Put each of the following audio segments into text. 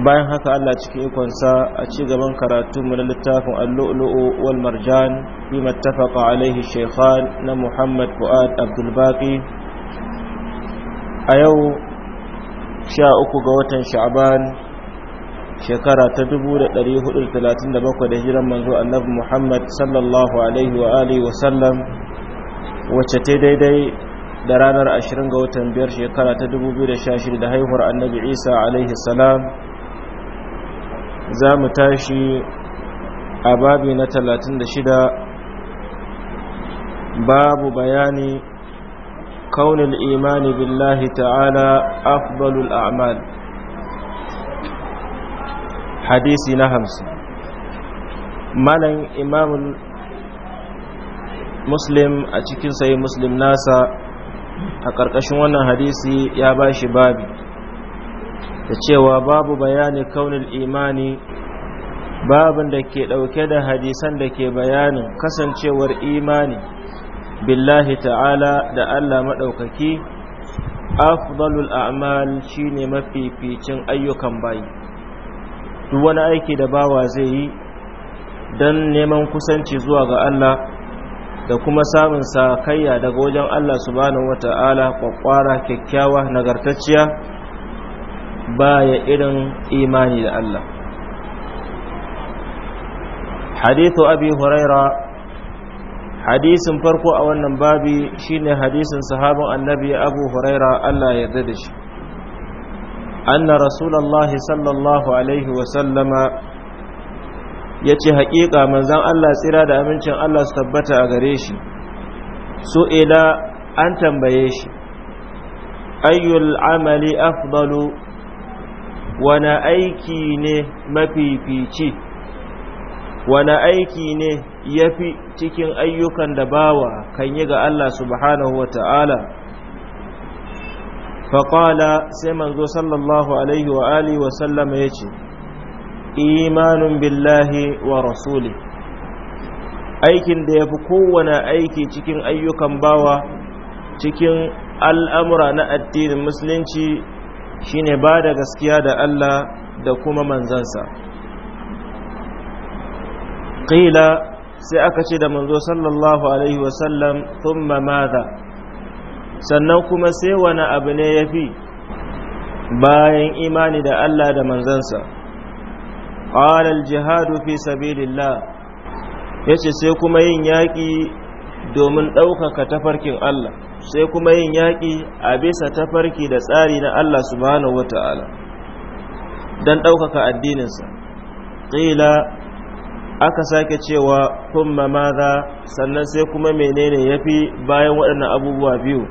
bayan haka Allah cikin ikonsa a ci gaban karatunmu na littafin allu'lu'u wal marjan fi mattafaqa alaihi shaykhan na Muhammad Fuad Abdul Baqi a yau 13 ga watan Sha'ban shekara ta 1437 da hijiran manzo Annabi Muhammad sallallahu alaihi wa alihi wa sallam wacce ta daidai da ranar 20 ga watan biyar shekara ta 2016 da haihuwar Annabi Isa alaihi salam za mu tashi a babi na talatin da shida babu bayani kaunin imani billahi ta'ala afdalul a'mal hadisi na hamsin malan imamun muslim a cikin sayi muslim nasa a ƙarƙashin wannan hadisi ya ba shi babi da cewa babu bayani kaunin imani babin da ke ɗauke da hadisan da ke bayanin kasancewar imani billahi ta'ala da Allah maɗaukaki afdalul a'mal shine mafificin ayyukan bayi duk wani aiki da bawa zai yi don neman kusanci zuwa ga Allah da kuma samun sakayya daga wajen Allah subhanahu wata'ala kwakwara kyakkyawa nagartacciya baya irin imani da Allah hadithu abi huraira hadisin farko a wannan babi shine hadisin sahabin annabi abu huraira Allah ya yarda da shi anna rasulullahi sallallahu alaihi wasallama ya ce haƙiƙa manzan Allah tsira da amincin Allah su tabbata a gare shi su'ila an tambaye shi ayyul amali afdalu wani aiki ne mafifici wani aiki ne ya fi cikin ayyukan da bawa kan yi ga Allah subhanahu wa ta'ala sai manzo sallallahu alaihi wa alihi wa sallama ya ce imanin billahi wa rasuli aikin da ya fi kowane aiki cikin ayyukan bawa cikin al'amura na addinin musulunci shine ba da gaskiya da Allah da kuma manzansa Ƙila sai aka ce da manzo sallallahu alaihi wasallam thumma madha sannan kuma sai wani abu ne ya fi bayan imani da Allah da manzansa ƙalal jihadu fi sabilillah ce sai kuma yin yaƙi. domin ɗaukaka tafarkin Allah sai kuma yin yaƙi a bisa tafarki da tsari na Allah subhanahu wata'ala don ɗaukaka addininsa ƙila aka sake cewa kuma maza sannan sai kuma menene ya fi bayan waɗannan abubuwa biyu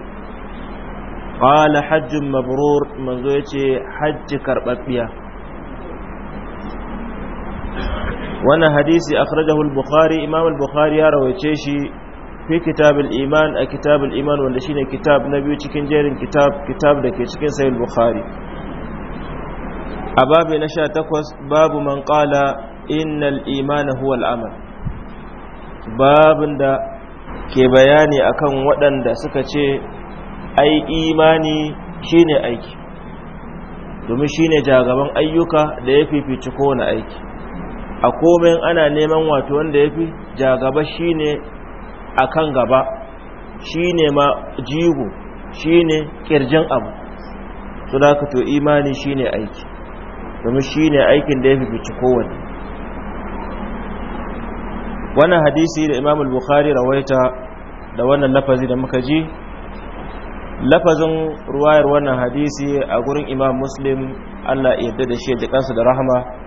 ƙwala hajjin mabrur manzo ya ce hajji karɓaɓɓiya wannan hadisi a al-bukhari imam bukhari ya rawaice shi fi kitabul iman a kitabul iman wanda shine kitab na biyu cikin jerin kitab kitab da ke cikin sahih bukhari a babu na takwas babu man qala innal iman huwa amal babin da ke bayani akan waɗanda suka ce ai imani shine aiki domin shine jagaban ayyuka da ya fifici kowane aiki a komai ana neman wato wanda ya fi jagaba shine a kan gaba shi ne ma jihu shi ne ƙirjin abu su da ka to imani shi ne aiki domin shi ne aikin da ya fi bici kowane wannan hadisi da imam al-bukhari rawaita da wannan lafazi da muka ji lafazin ruwayar wannan hadisi a gurin imam muslim allah yarda da shi da kansa da rahama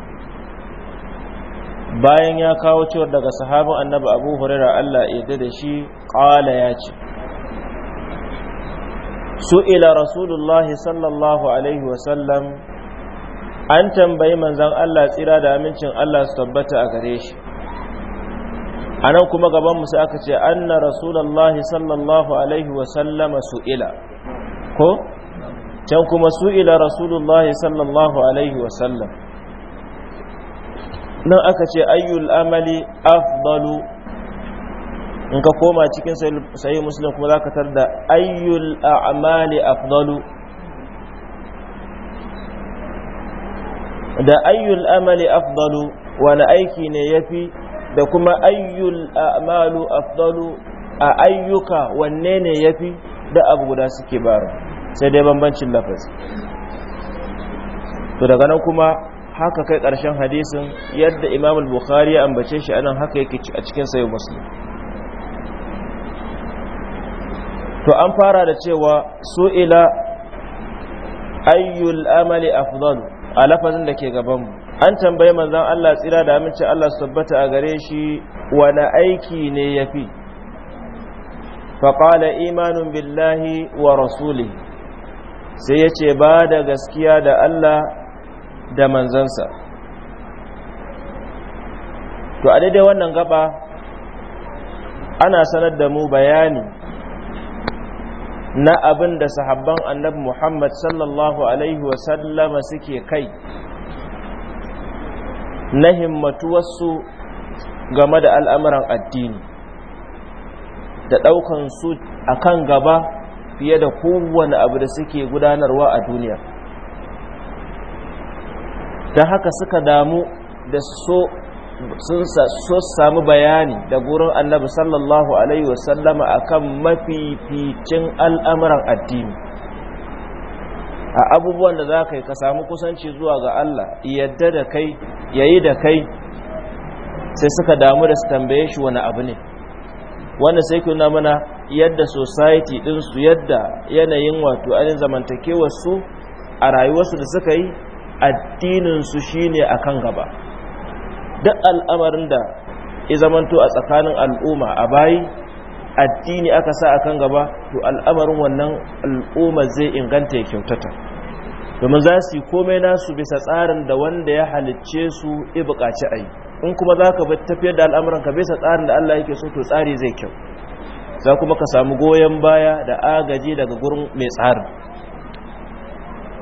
bayan ya kawo cewar daga sahabin annabi abu huraira Allah yadda da shi ƙala ya ce Su ila rasulullahi sallallahu alaihi wasallam an tambayi manzan Allah tsira da amincin Allah su tabbata a gare shi a nan kuma gaban musu aka ce anna rasulullahi sallallahu alaihi wasallama ila, ko can kuma su ila rasulullahi sallallahu alaihi wasallam nan aka ce ayyul amali afdalu in ka koma cikin sayi muslim kuma za ka tarda ayyul a'mali afdalu da ayyul amali afdalu wani aiki ne yafi da kuma ayyul a'malu afdalu a ayyuka wanne ne yafi da abu guda suke bara sai dai bambancin lafazi to daga nan kuma haka kai ƙarshen hadisin yadda imam al-bukhari ya ambace shi anan haka yake a cikin sayo muslim to an fara da cewa su'ila ayyul amali afdal a lafazin da ke gabanmu an tambayi manzon Allah tsira da aminci Allah su tabbata a gare shi wani aiki ne ya fi faƙala imanin billahi wa rasuli sai yace ce ba da gaskiya da Allah da manzansa to a daidai wannan gaba ana sanar da mu bayani na abin da sahabban annabi Muhammad sallallahu alaihi wasallama suke kai na himmatuwarsu game da al'amuran addini da ɗaukansu a kan gaba fiye da kowane abu da suke gudanarwa a duniya don haka suka damu da so sun so samu bayani da gurin annabi sallallahu alaihi wasallama akan mafificin al'amuran addini a abubuwan da za ka yi ka samu kusanci zuwa ga Allah yadda da kai yayi da kai sai suka damu da su tambaye shi wani abu ne wanda sai na mana yadda society ɗinsu yadda yanayin wato ainihin su a rayuwarsu da suka yi addininsu shine akan gaba duk al'amarin da ya zamanto a tsakanin al'umma a bayi addini aka sa akan gaba to al'amarin wannan al'umma zai inganta ya kyautata domin za su yi komai nasu bisa tsarin da wanda ya halicce su i buƙaci a yi in kuma za ka tafiyar da ka bisa tsarin da Allah yake so to tsari zai kyau za kuma ka samu goyon baya da agaji daga gurin mai tsarin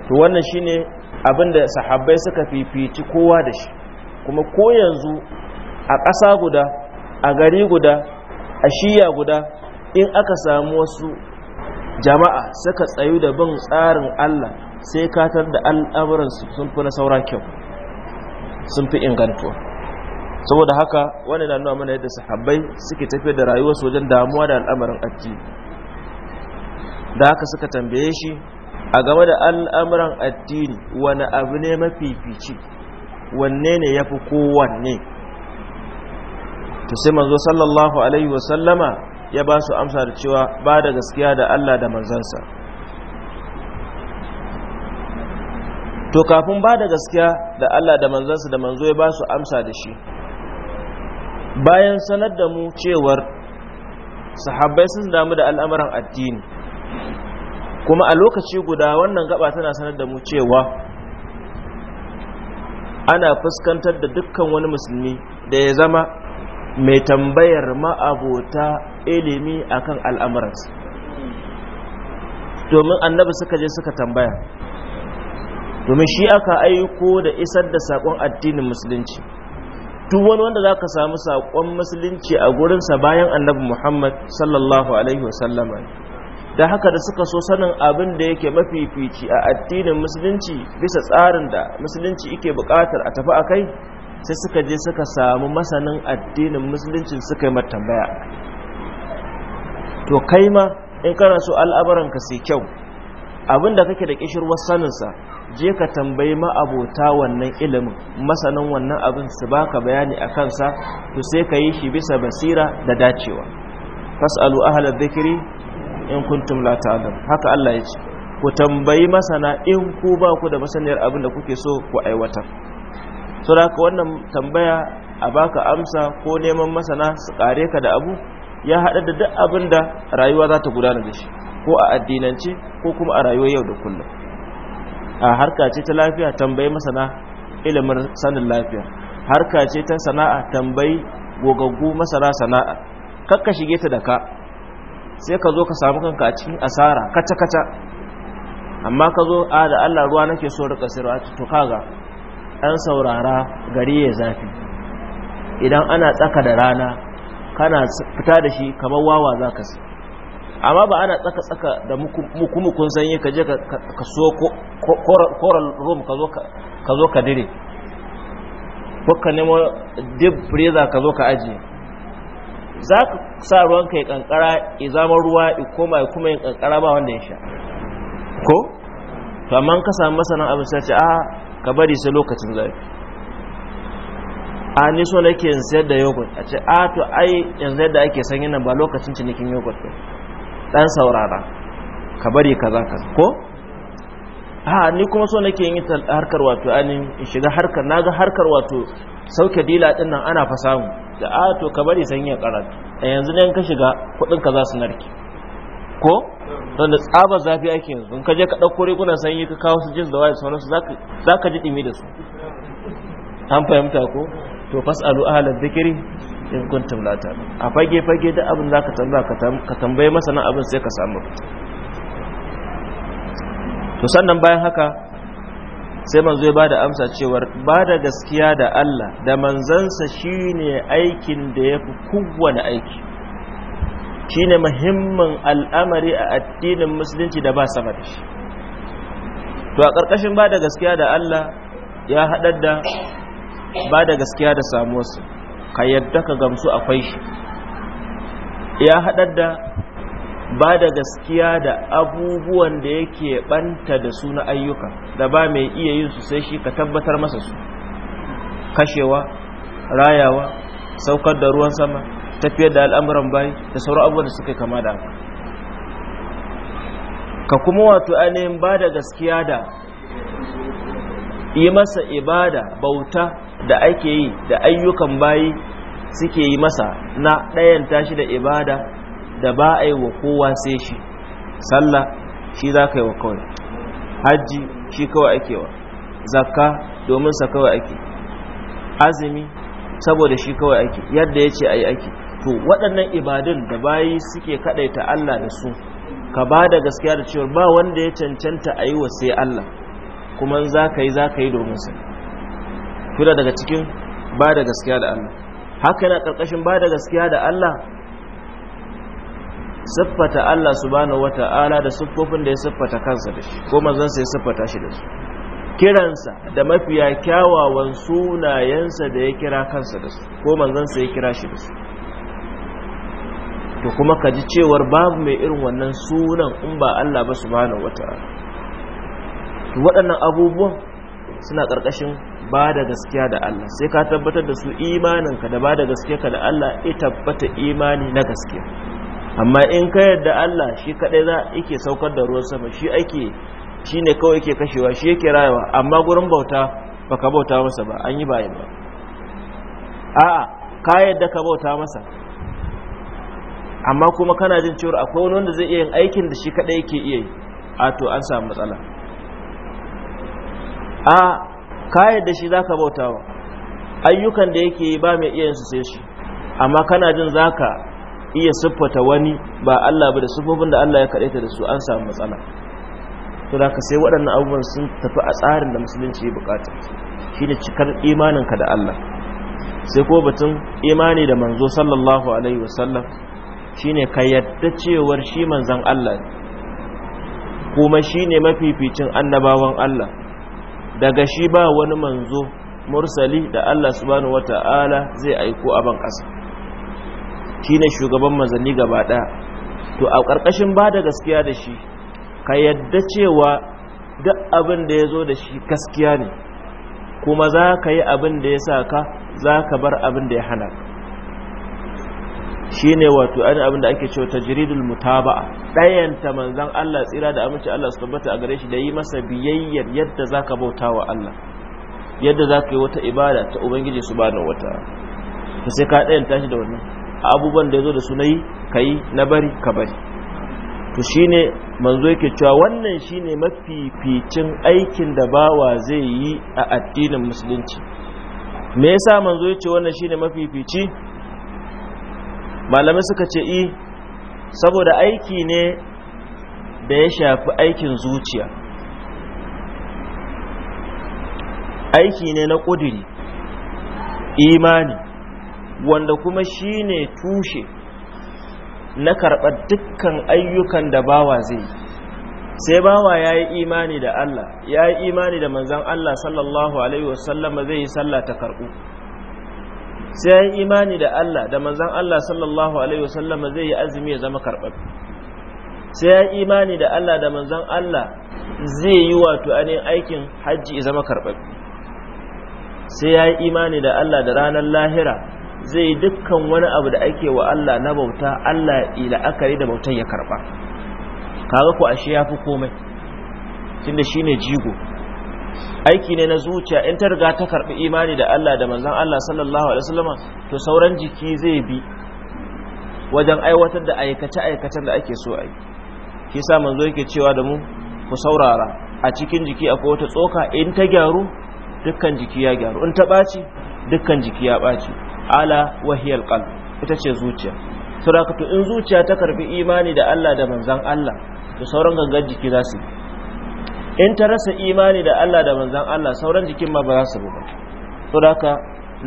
to wannan shine abinda sahabbai suka fifici kowa da shi kuma ko yanzu a ƙasa guda a gari guda a shiya guda in aka samu wasu jama'a suka tsayu da bin tsarin Allah sai katar da al'amuransu sun fi na saura kyau sun fi ingantuwa saboda haka wani na nuna mana yadda sahabbai suke tafiya da rayuwarsu wajen damuwa da al'amarin addini da haka suka tambaye shi a game da al'amuran addini wani abu ne mafifici wanne ne ya fi kowanne Ta sai manzo sallallahu alaihi wasallama ya ba su amsa da cewa ba da gaskiya da Allah da manzansa to kafin ba da gaskiya da Allah da manzansa da manzo ya ba su amsa da shi bayan sanar da mu cewar sahabbai sun damu da al'amuran addini kuma a lokaci guda wannan gaba tana sanar da mu cewa ana fuskantar da dukkan wani musulmi da ya zama mai tambayar ma'abota ilimi akan al'amuransa domin annabi suka je suka tambaya domin shi aka aiko da isar da sakon addinin musulunci tun wani wanda za ka samu sakon musulunci a gurinsa bayan annabi Muhammad sallallahu alaihi wasallama da haka da suka so sanin abin da yake mafifici a addinin musulunci bisa tsarin da musulunci yake buƙatar a tafi a kai sai suka je suka samu masanin addinin musulunci suka yi tambaya to kai ma in kana so al'amuranka sai kyau abin da kake da kishirwar saninsa je ka tambayi ma'abota wannan ilimin masanin wannan abin su baka bayani a kansa to sai ka yi shi bisa basira da dacewa fasalu ahalar zikiri in kuntum la ta'lam haka Allah ya ce ku tambayi masana in ku ba ku da masaniyar abin da kuke so ku aiwata da ka wannan tambaya a baka amsa ko neman masana su kare ka da abu ya hada da duk abin da rayuwa za ta gudana da shi ko a addinance ko kuma a rayuwar yau da kullum a harka ce ta lafiya tambayi masana ilimin sanin lafiya harka ce ta sana'a tambayi gogaggu masana sana'a kakka shige ta da ka sai ka zo ka samu kanka a cikin asara kaca-kaca amma ka zo a ah, da allah ruwa nake so rika sirwa to kaga an saurara gari ya zafi idan ana tsaka da rana kana fita da shi kamar wawa za ka sai amma ba ana tsaka-tsaka da mukumukun sanyi ka je ka so koral rum ka zo ka dire ko ka nemo deep breza ka zo ka ajiye za ka sa ruwanka ya kankara ya zama ruwa ya koma ya kuma ya kankara ba wanda ya sha ko to amma ka samu masanin abin sai ce a ka bari sai lokacin zafi a ni so nake in sayar da yogurt a ce a to ai yanzu yadda ake sanyi nan ba lokacin cinikin yogurt ba dan saurara ka bari kaza ka ko a ni kuma so nake yin harkar wato ainihin shiga harkar Na ga harkar wato sauke dila din nan ana fa samu da a ah, to ka bari san ya karatu a eh, yanzu ne ka shiga kudin ka za su narke ko don da tsaba zafi ake yanzu ka je ka dauko rigunan sanyi ka kawo su jin da waye sauransu za ka ji dimi da su an fahimta ko to fasalu ahlal dhikri in kuntum la ta. a fage fage da abin ka tambaya ka tambaye masa nan abin sai ka samu to sannan bayan haka sai manzo ya bada amsa cewar bada gaskiya da Allah da manzansa shine aikin da yafi kowane aiki shine muhimmin al'amari a addinin musulunci da ba sama da shi to a ƙarƙashin bada gaskiya da Allah ya haɗar da bada gaskiya da samuwarsa ka yadda ka gamsu akwai shi ya haɗar da ba da gaskiya da abubuwan da yake banta da su na ayyuka da ba mai iya yin su sai shi ka tabbatar masa su kashewa rayawa saukar da ruwan sama tafiyar da al'amuran bayi da sauran abubuwan da suka kama da haka ka kuma wato ainihin ba da gaskiya da yi masa ibada bauta da ake yi da ayyukan bayi suke yi masa na ɗayan tashi da ibada da ba a yi wa kowa sai shi sallah shi za ka yi wa kawai hajji shi kawai ake wa zakka domin sa kawai ake azumi saboda shi kawai ake yadda ya ce a yi ake to waɗannan ibadun da bayi suke kaɗaita Allah da su ka ba da gaskiya da cewa ba wanda ya cancanta a yi wa sai Allah kuma za ka yi za ka yi domin sa Fira daga cikin ba da gaskiya da Allah haka yana ƙarƙashin ba da gaskiya da Allah siffata Allah subhanahu wata'ala da siffofin da ya siffata kansa da shi ko manzansa ya siffata shi da su kiransa da mafiya kyawawan sunayensa da ya kira kansa da su ko manzansa ya kira shi da su to kuma ka ji cewar babu mai irin wannan sunan in ba Allah ba subhanahu wata'ala to waɗannan abubuwan suna ƙarƙashin ba da gaskiya da Allah sai ka tabbatar da su imaninka da ba da gaskiya ka da Allah ya tabbata imani na gaskiya amma in ka yadda Allah shi kadai za yake saukar da ruwan sama shi ake shi ne kawai yake kashewa shi yake rayuwa amma gurin bauta ba ka bauta masa ba an yi baya ba a'a ka yadda ka bauta masa amma kuma kana jin cewa akwai wani wanda zai iya yin aikin da shi kadai yake iya yi a to an samu matsala a ka yadda shi zaka bautawa ayyukan da yake yi ba mai iya yin su sai shi amma kana jin zaka iya siffata wani ba Allah ba da siffofin da Allah ya kaɗaita da su an samu matsala to da ka sai waɗannan abubuwan sun tafi a tsarin da musulunci ya bukata shi ne cikar imaninka da Allah sai ko batun imani da manzo sallallahu alaihi wasallam shi ne ka yadda cewar shi manzan Allah kuma shi ne mafificin annabawan Allah daga shi ba wani manzo mursali da Allah subhanahu wata'ala zai aiko a ban ƙasa shine shugaban manzanni gaba ɗaya to a karkashin ba da gaskiya da shi ka yadda cewa duk abin da ya zo da shi gaskiya ne kuma za ka yi abin da ya sa ka za ka bar abin da ya hana shi ne wato ani abin da ake cewa tajridul mutaba'a ɗayanta manzan Allah tsira da amince Allah su tabbata a gare shi da yi masa biyayyar yadda za ka bauta wa Allah yadda za ka yi wata ibada ta Ubangiji su ba da wata sai ka ɗayanta shi da wannan A abubuwan da ya zo da su na yi ka yi na bari ka bari to shi ne manzo yake cewa wannan shi ne mafificin aikin da bawa zai yi a addinin musulunci me yasa manzo ce wannan shi ne mafifici malamai suka ce i eh, saboda aiki ne da ya shafi aikin zuciya aiki ne na ƙudiri imani wanda kuma shi ne tushe na karɓar dukkan ayyukan da bawa zai sai bawa ya yi imani da Allah ya yi imani da manzan Allah sallallahu alaihi wasallama zai yi sallah ta karɓu sai ya yi imani da Allah da manzan Allah sallallahu alaihi wasallama zai yi azumi ya zama karɓar sai ya yi imani da Allah da manzan Allah zai yi wato ainihin aikin hajji ya zama karɓar sai ya yi imani da Allah da ranar lahira zai dukkan wani abu da ake wa Allah na bauta Allah ila akari da bautan ya karba kaga ku ashe yafi komai tunda shine jigo aiki ne na zuciya in ta riga ta karbi imani da Allah da manzon Allah sallallahu alaihi wasallam to sauran jiki zai bi wajen aiwatar da aikace aikacen da ake so a yi shi yasa manzo yake cewa da mu ku saurara a cikin jiki akwai wata tsoka in ta gyaru dukkan jiki ya gyaru in ta ɓaci dukkan jiki ya ɓaci ala wahiyar qalb ita ce zuciya surakatu in zuciya ta karbi imani da Allah da manzan Allah to sauran gangan jiki za su in ta rasa imani da Allah da manzan Allah sauran jikin ma ba za su ba suraka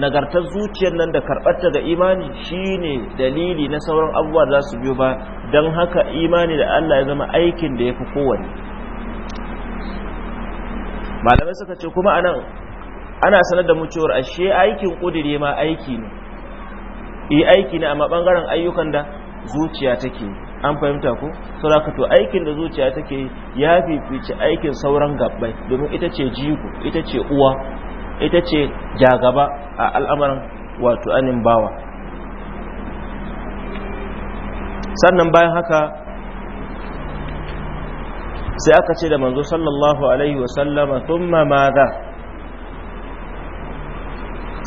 nagartar zuciyar nan da karɓarta ga imani shine dalili na sauran abubuwa za su biyo ba don haka imani da Allah ya zama aikin da ya fi kowane malamai suka ce kuma anan ana sanar da mu cewar ashe aikin kudure ma aiki ne eh aiki ne amma bangaren ayyukan da zuciya take an fahimta ko saboda to aikin da zuciya take ya fifici aikin sauran gabbai domin ita ce jigo ita ce uwa ita ce jagaba a al'amarin wato anin bawa sannan bayan haka sai aka ce da manzo sallallahu alaihi wasallama thumma madha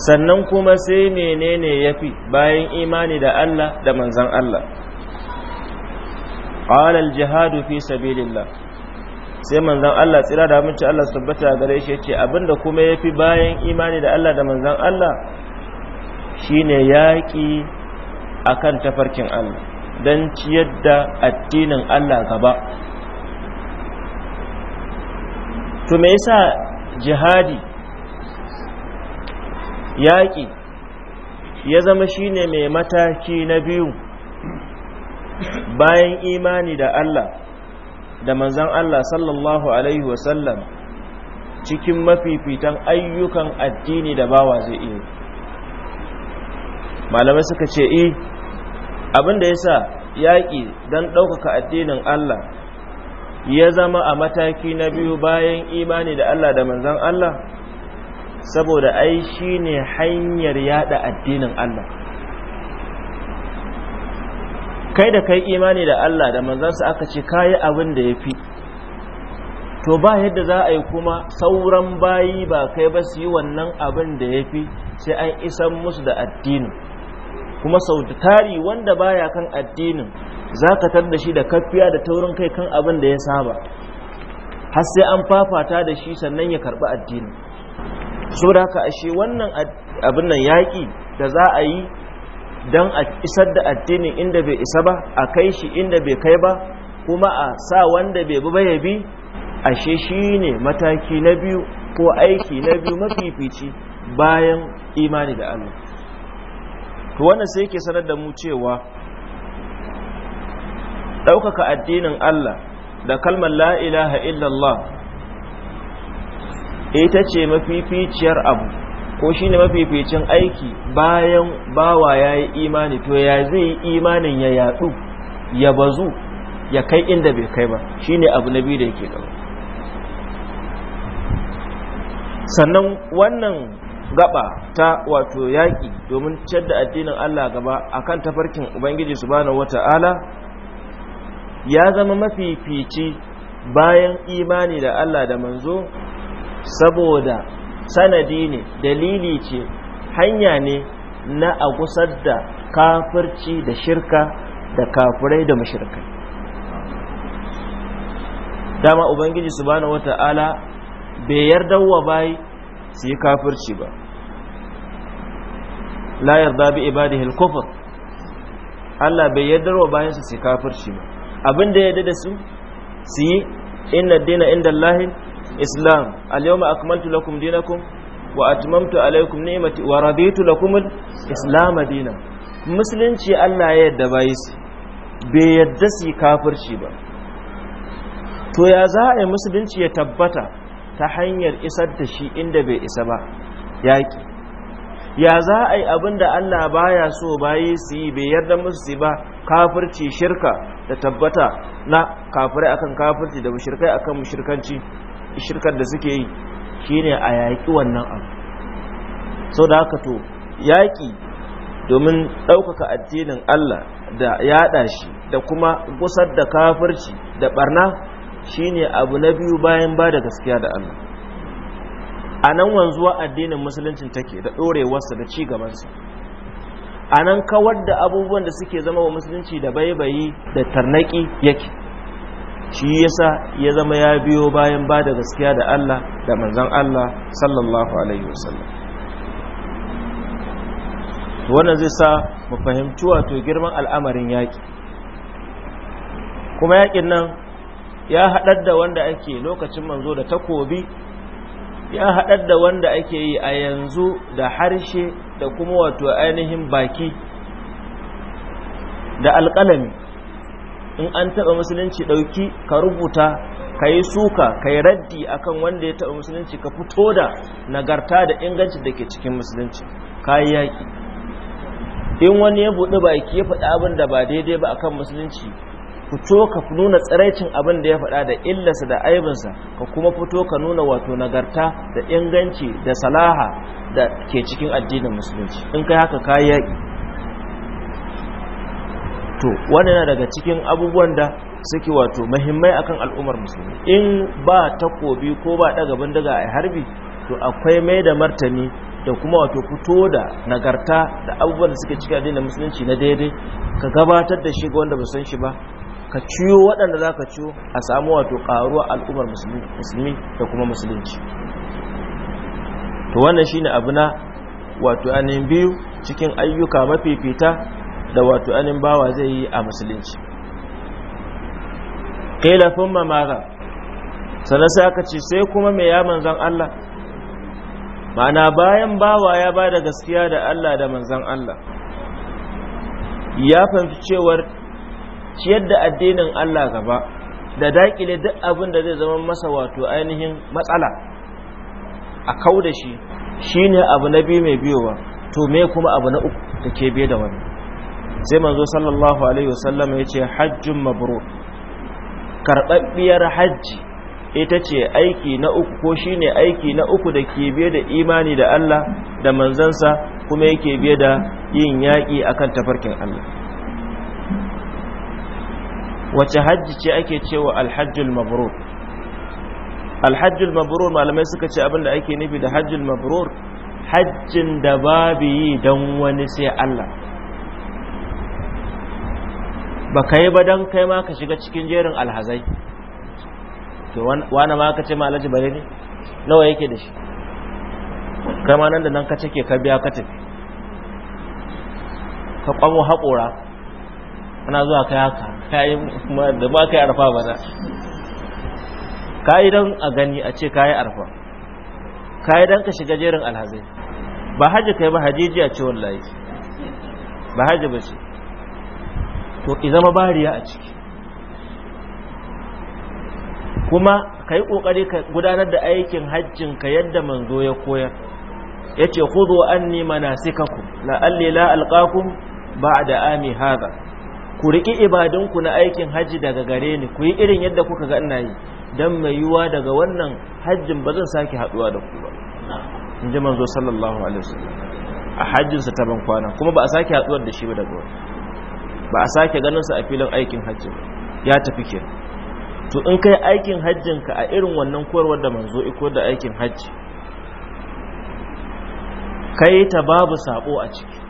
sannan kuma sai menene yafi bayan imani da Allah da manzan Allah qala jihadu fi sabilillah sai manzan Allah tsira da mace Allah tabbata gare shi yace abinda kuma yafi bayan imani da Allah da manzan Allah shine yaki akan tafarkin Allah dan ciyar da addinin Allah gaba to me yasa jihadi yaƙi ya zama shine mai mataki na biyu bayan imani da Allah da manzan Allah sallallahu alaihi wasallam cikin mafifitan ayyukan addini da bawa zai iya malamai suka ce e eh, abinda ya sa yaƙi don ɗaukaka addinin Allah ya zama a mataki na biyu bayan imani da Allah da manzan Allah saboda ai ne hanyar yada addinin Allah kai da kai imani da Allah da manzansa aka ce kayi abin da yafi to ba yadda za a yi kuma sauran bayi ba kai ba su yi wannan abin da ya fi sai an isan musu da addinin kuma sau da wanda baya kan addinin za ka tar da shi da kafiya da taurin kai kan abin da ya saba har sai an fafata da shi sannan ya karɓi addinin saboda haka ashe wannan abin nan yaƙi da za a yi don a isar da addinin inda bai isa ba a kai shi inda bai kai ba kuma a sa wanda bai bi ba ya bi ashe shi ne mataki na biyu ko aiki na biyu mafifici bayan imani da Allah to wannan sai ke sanar da mu cewa ɗaukaka addinin Allah da kalmar la ilaha illallah ita ce mafificiyar abu ko shine mafificin aiki bayan bawa ya yi imani to ya zai yi imanin ya yadu ya bazu ya kai inda bai kai ba Shi ne abu na biyu da yake gaba sannan wannan gaba ta wato yaƙi domin ciyar da addinin Allah gaba a kan tafarkin Ubangiji su subhanahu wata'ala ya zama mafifici bayan imani da Allah da manzo saboda sanadi ne dalili ce hanya ne na a gusar da kafirci da shirka da kafirai da mashirkai dama ubangiji subhanahu wata'ala bai yarda wa bayi su yi kafirci ba la yarda bi ibadihi al-kufr Allah bai yarda wa bayan su su kafirci ba abin da ya yarda da su su yi inna dina inda Allahin islam alyawma akmaltu lakum dinakum wa atmamtu alaykum ni'mati wa raditu lakum al-islam dinan musulunci Allah ya yadda bai su bai yarda su kafirci ba to ya za a yi musulunci ya tabbata ta hanyar isar da shi inda bai isa ba yaki ya za a yi abin da Allah baya so bai su yi bai yarda musu su ba kafirci shirka da tabbata na kafirai akan kafirci da mushirkai akan mushirkanci shirkar da suke yi shine a yaƙi wannan abu sau da haka to yaƙi domin ɗaukaka addinin Allah da yaɗa shi da kuma gusar da kafirci da ɓarna shine abu na biyu bayan ba da gaskiya da Allah a nan wanzuwa addinin musuluncin take da ɗorewarsa da ci gabansa a nan kawar da abubuwan da suke zama wa musulunci da baibayi da tarnaki yake shi yasa ya zama ya biyo bayan ba da gaskiya da Allah da manzon Allah sallallahu alaihi wasallam wannan zai sa mu fahimci wato girman al'amarin yaki kuma yakin nan ya haɗar da wanda ake lokacin manzo da takobi ya haɗar da wanda ake yi a yanzu da harshe da kuma wato ainihin baki da alƙalami in an taɓa musulunci ɗauki ka rubuta ka yi suka ka yi raddi akan wanda ya taba musulunci ka fito da nagarta da inganci da ke cikin musulunci ka yi yaƙi in wani ya buɗe baki ya faɗi abin da ba daidai ba akan musulunci fito ka nuna tsiraicin abin da ya faɗa da illarsa da aibinsa ka kuma fito ka nuna wato nagarta da inganci da salaha da ke cikin addinin musulunci in kai haka ka yaƙi to wani na daga cikin abubuwan da suke wato mahimmai akan al'ummar musulmi in ba takobi ko ba daga bindiga a harbi to akwai mai da martani da kuma wato fito da nagarta da abubuwan da suke ciki addinin musulunci na daidai ka gabatar da shi ga wanda ba san shi ba ka ciyo waɗanda za ka ciyo a samu wato ƙaruwa al'ummar musulmi da kuma musulunci to wannan shine abu na wato ainihin biyu cikin ayyuka mafifita da wato anin bawa zai yi a musulunci ƙila mamara sannan sai aka ce sai kuma mai ya manzan Allah mana bayan bawa ya ba da gaskiya da Allah da manzan Allah ya fahimci cewar ciyar da addinin Allah gaba da daƙile duk abin da zai zama masa wato ainihin matsala a kau da shi shine abu na biyu mai biyowa to me kuma abu na uku da ke biye da wani sai manzo sallallahu alaihi wasallam ya ce hajjun mabrur karɓaɓɓiyar hajji ita ce aiki na uku ko shine aiki na uku da ke biye da imani da Allah da manzansa kuma yake biye da yin yaƙi akan tafarkin Allah wace hajji ce ake cewa alhajjul mabrur alhajjul mabrur malamai suka ce abinda ake nufi da hajjul mabrur hajjin da babu yi don wani sai Allah ba ka yi ba don kai ma ka shiga cikin jerin alhazai to wani ma ka ce ma alhaji bare ne nawa yake da shi kai ma nan da nan ka cike ka biya ka tafi ka kwamo haƙora ana zuwa kai haka ma da ba kai arfa ba za yi don a gani a ce yi arfa yi don ka shiga jerin alhazai ba haji kai ba a ce wallahi ba haji ba ce to izama bariya a ciki kuma ka yi ƙoƙari ka gudanar da aikin hajjin ka yadda manzo ya koyar ya ce kudu an nima na sikaku la'alli la'alƙakun ba da ami haza ku riƙi ibadunku na aikin hajji daga gare ni ku yi irin yadda kuka ga ina yi don mai yiwuwa daga wannan hajjin ba zan sake haɗuwa da ku ba in ji manzo sallallahu alaihi wasallam a hajjinsa ta ban kwana kuma ba a sake haɗuwar da shi ba daga wani ba a sake ganinsa a filin aikin hajji ya tafi ke to in kai aikin hajjin ka a irin wannan koyarwar da manzo iko da aikin hajji kai ta babu sabo a ciki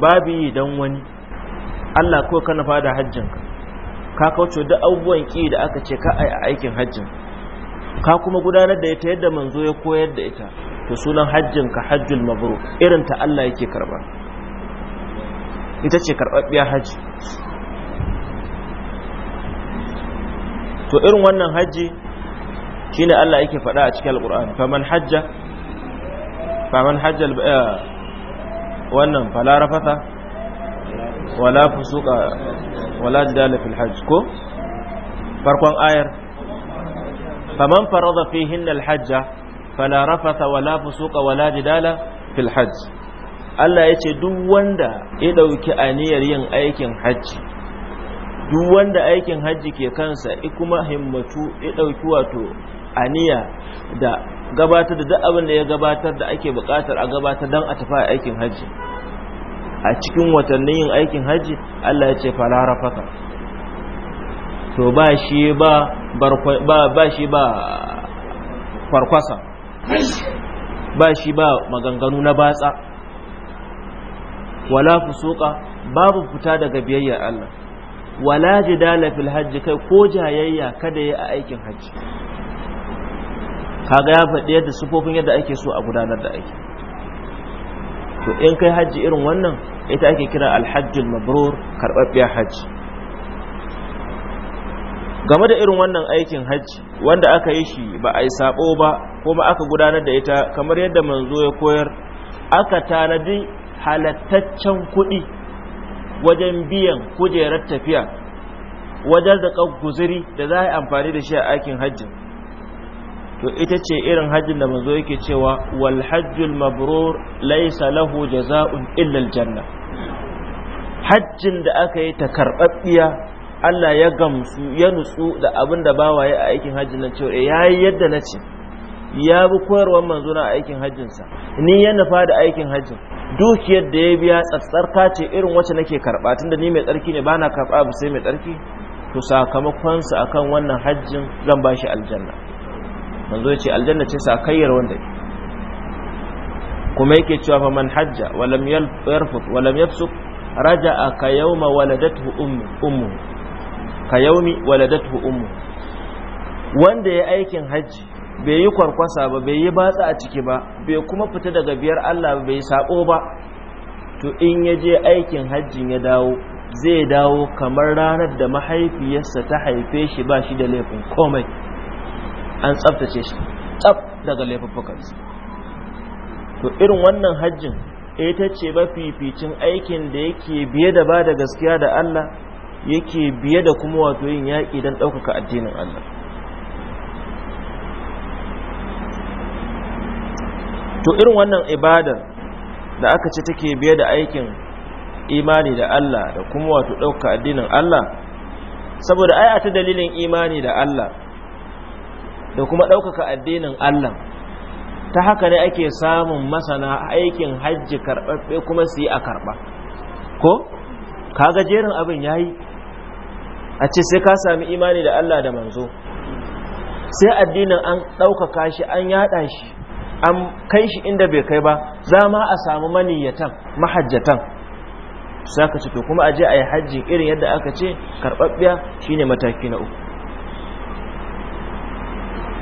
babu yi don wani Allah ko kana fada hajjin ka Ka kauce da abubuwan ki da aka ce ka a aikin hajjin ka kuma gudanar da ita yadda manzo ya koyar da ita to sunan hajjin ka hajjul mabru irin ta Allah yake karba ita ce karɓaɓɓiyar hajji to irin wannan hajji ne Allah yake faɗa a cikin alƙur'ani faman hajja faman hajjal eh, wannan Falarafata wala fusuqa wala jidala fil hajj ko farkon ayar faman farada fihinna al hajja fala rafata wala fusuqa wala jidala fil hajj Allah ya ce duk wanda ya ɗauki aniyar yin aikin hajji duk wanda aikin hajji ke kansa kuma himmatu ya ɗauki wato aniya da gabatar da abin da ya gabatar da ake buƙatar a gabatar don a tafi aikin hajji a cikin watannin yin aikin hajji Allah ya ce falara faka to ba shi ba ba shi ba farkwasa ba shi ba maganganu na batsa wala fusuqa babu fita daga biyayyar Allah wala jidala fil hajji kai ko jayayya kada yi a aikin hajji kaga ya faɗi yadda sufofin yadda ake so a gudanar da aiki to in kai hajji irin wannan ita ake kira alhajjul mabrur karɓaɓɓiyar hajji game da irin wannan aikin hajji wanda aka yi shi ba a yi sabo ba kuma aka gudanar da ita kamar yadda manzo ya koyar aka tanadi halattaccen kuɗi wajen biyan kujerar tafiya wajen da guzuri da za a yi amfani da shi a aikin hajjin to ita ce irin hajjin da manzo yake cewa wal hajjul mabrur laysa lahu jaza'un illa aljanna hajjin da aka yi ta karbabbiya Allah ya gamsu ya nutsu da abin da ba waye a aikin hajjin nan cewa eh, ya yi yadda na ce ya bi koyarwar manzo na aikin hajjinsa ni ya nufa da aikin hajjin dukiyar da ya biya tsatsarka ce irin wacce nake karɓa da ni mai tsarki ne bana karɓa abu sai mai tsarki to sakamakon a akan wannan hajjin zan ba shi aljanna man ya ce aljanna ce sakayyar wanda kuma yake cewa fa man hajja Walam yarfut walam lam yafsuk raja'a ka yawma waladatuhu ummu ummu ka yawmi waladatuhu ummu wanda ya aikin hajji bai yi kwarkwasa ba bai yi batsa a ciki ba bai kuma fita daga biyar Allah bai saƙo ba to in ya je aikin hajjin ya dawo zai dawo kamar ranar da mahaifiyarsa ta haife shi ba shi da laifin komai an tsaftace shi tsaf daga laifuffukansa to irin wannan hajjin ita ce mafificin aikin da yake biye da ba da gaskiya da Allah yake biye da kuma wato yin yaƙi don ɗaukaka addinin Allah to irin wannan ibadar da aka ce take biye da aikin imani da Allah da kuma wato ɗauka addinin Allah saboda ai a ta dalilin imani da Allah da kuma ɗaukaka addinin Allah ta haka ne ake samun masana aikin hajji karbabbe kuma su yi a karɓa ko kaga jerin abin yayi yi a ce sai ka sami imani da Allah da manzo sai addinin an ɗaukaka shi an yada shi an kai shi inda bai kai ba za ma a samu maniyatan mahajjatan sai aka ce to kuma a je a yi hajji irin yadda aka ce karɓaɓɓiya shine mataki na uku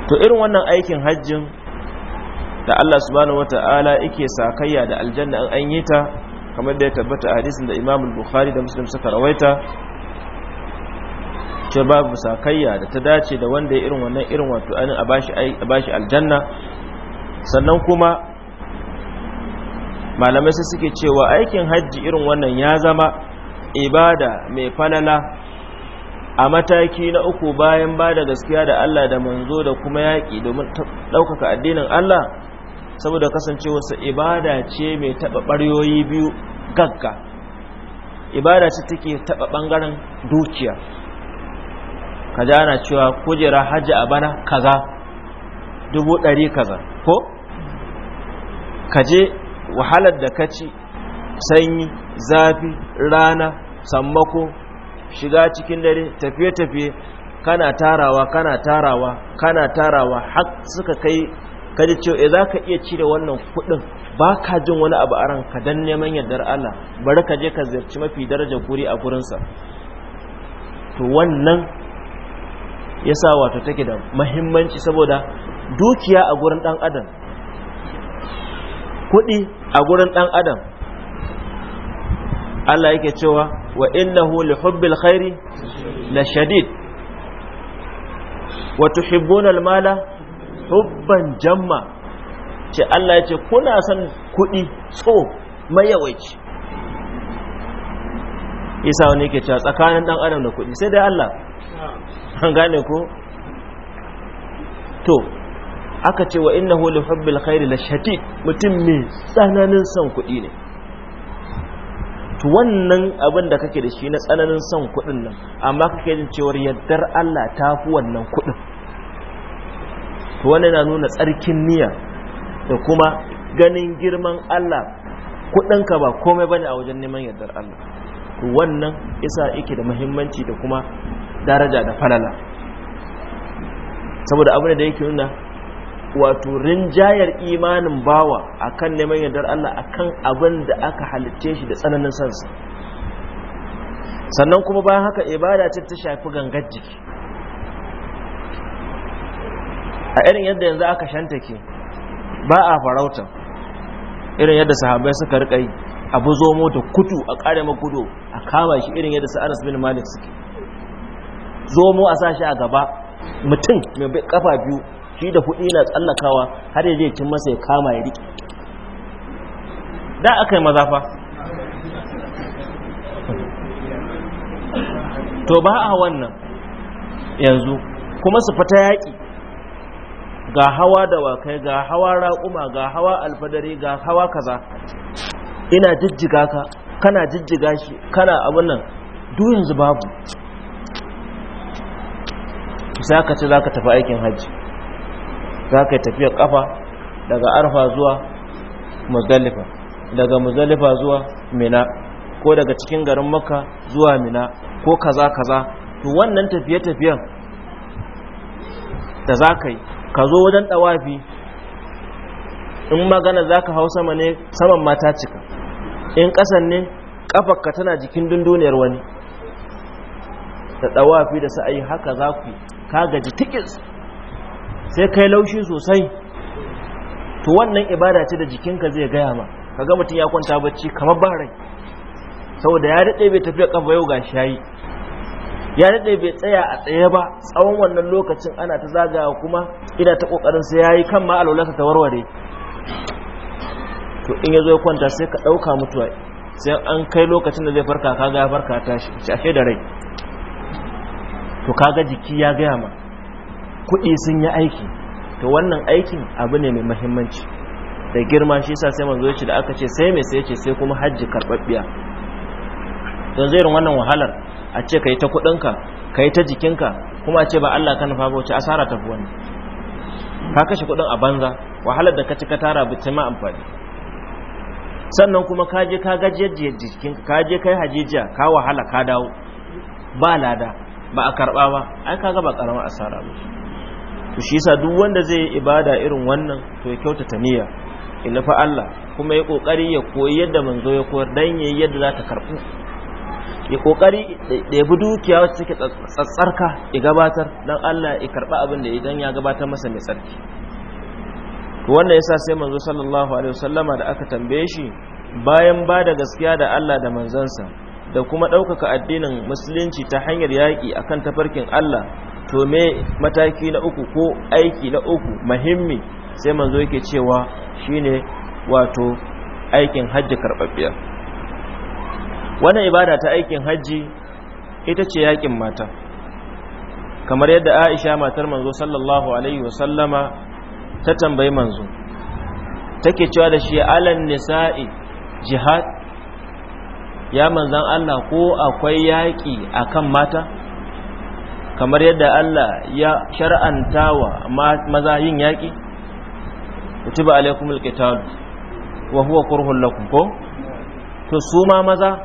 to irin wannan aikin hajjin da Allah subhanahu wata'ala yake sakayya da aljanna an an yi ta kamar da ya tabbata a hadisin da Imam Bukhari da Muslim suka rawaita ce babu sakayya da ta dace da wanda ya irin wannan irin wato a bashi aljanna sannan kuma malamai su suke cewa aikin hajji irin wannan ya zama ibada mai falala a mataki na uku bayan ba da gaskiya da Allah da manzo da kuma yaƙi domin ɗaukaka addinin Allah saboda kasancewarsa ibada ce mai taɓa ɓaryoyi biyu gagga ibada ce take taɓa ɓangaren dukiya kaji ana cewa kujera hajji a bana kaza dubu ɗari kaza ko ka je wahalar da ka ci sanyi zafi rana sammako shiga cikin dare tafiye-tafiye kana tarawa kana tarawa kana tarawa har suka kai kaji cewa eh, za ka iya cire wannan kudin ba ka jin wani abu a ranka dan neman yardar Allah bari ka je ka ziyarci mafi darajar guri a gurinsa to wannan yasa wato take da mahimmanci saboda dukiya a gurin dan adam kuɗi a gurin ɗan adam Allah yake cewa wa innahu li hubbil khairi la shadid wa tuhibbuna al mala hubban jamma ce Allah yake kuna son kuɗi so mayawaci isa wani yake cewa tsakanin dan adam da kuɗi sai dai Allah an gane ko to aka ce wa innahu li hubbil khairi lashatid mutum mai tsananin son kuɗi ne to wannan abin da kake da shi na tsananin son kuɗin nan amma kake jin cewar yaddar Allah ta fi wannan kuɗin to wannan yana nuna tsarkin niyya da kuma ganin girman Allah kuɗinka ba komai bane a wajen neman yaddar Allah to wannan isa yake da muhimmanci da kuma daraja da falala saboda abin da yake nuna wato rinjayar imanin bawa akan neman yardar Allah akan abin da aka halicce shi da tsananin sansa sannan kuma bayan haka ibada ce ta shafi gangar jiki a irin yadda yanzu aka shantake ba a farauta irin yadda sahabai suka rika yi abu zo mota kutu a kare makudu a kama shi irin yadda sa'anas bin malik suke zo mu a sa shi a gaba mutum mai kafa biyu shi da kuɗi na tsallakawa har ya zai cin masa ya kama ya riƙe da aka yi maza to ba a wannan yanzu kuma su fita yaƙi ga hawa dawakai ga hawa raƙuma ga hawa alfadari ga hawa kaza ina jijjiga ka kana jijjiga shi kana abin nan duk babu sai ka ce za ka tafi aikin hajji za ka tafiya kafa daga arfa zuwa muzdalifa daga muzdalifa zuwa mina ko daga cikin garin makka zuwa mina ko kaza kaza to wannan tafiye tafiyen da za ka yi ka zo wajen ɗawafi in magana za ka hau sama ne saman mata cika in ƙasan ne ƙafarka tana jikin dunduniyar wani da ɗawafi da sa'ayi haka za ku yi ka gaji tikis sai kai laushi sosai to wannan ibada ce da jikinka zai gaya ma kaga mutum ya kwanta bacci kamar ba rai saboda ya daɗe bai tafiya kafa yau ga shayi ya daɗe bai tsaya a tsaye ba tsawon wannan lokacin ana ta zagawa kuma ina ta ƙoƙarin sai ya yi kan ma alwalaka ta warware to in ya zo ya kwanta sai ka ɗauka mutuwa sai an kai lokacin da zai farka ka ya farka a ashe da rai to kaga jiki ya gaya ma kuɗi sun yi aiki to wannan aikin abu ne mai mahimmanci da girma shi sa sai manzo yace da aka ce sai mai sai yace sai kuma hajji karbabbiya don zai wannan wahalar a ce kai ta kuɗinka kai ta jikinka kuma a ce ba Allah ka nufa ba wace asara ta buwani ka kashe kuɗin a banza wahalar da ka ci ka tara ba ta ma amfani sannan kuma ka je ka gajiyar jikinka ka je kai hajijiya ka wahala ka dawo ba lada ba a karba ba ai kaga ba karamar asara ba to shi yasa duk wanda zai yi ibada irin wannan to ya kyautata niyya illa fa Allah kuma ya kokari ya koyi yadda manzo ya koyar dan yi yadda za ta karbu ya kokari da ya bi dukiya wacce take tsatsarka ya gabatar dan Allah ya karba abin da idan ya gabatar masa mai tsarki to wannan yasa sai manzo sallallahu alaihi wasallama da aka tambaye shi bayan ba da gaskiya da Allah da manzansa da kuma ɗaukaka addinin musulunci ta hanyar yaƙi akan tafarkin Allah to me mataki na uku ko aiki na uku muhimmi sai manzo yake cewa shine wato aikin hajji karbabbiya wannan ibada ta aikin hajji ita ce yakin mata kamar yadda Aisha matar manzo sallallahu alaihi wasallama ta tambayi manzo take cewa da shi alan nisa'i jihad ya manzan Allah ko akwai yaƙi akan mata kamar yadda Allah ya shar'antawa maza yin yaƙi kutiba alaikumul qital wa huwa kurhun lakum ko to su ma maza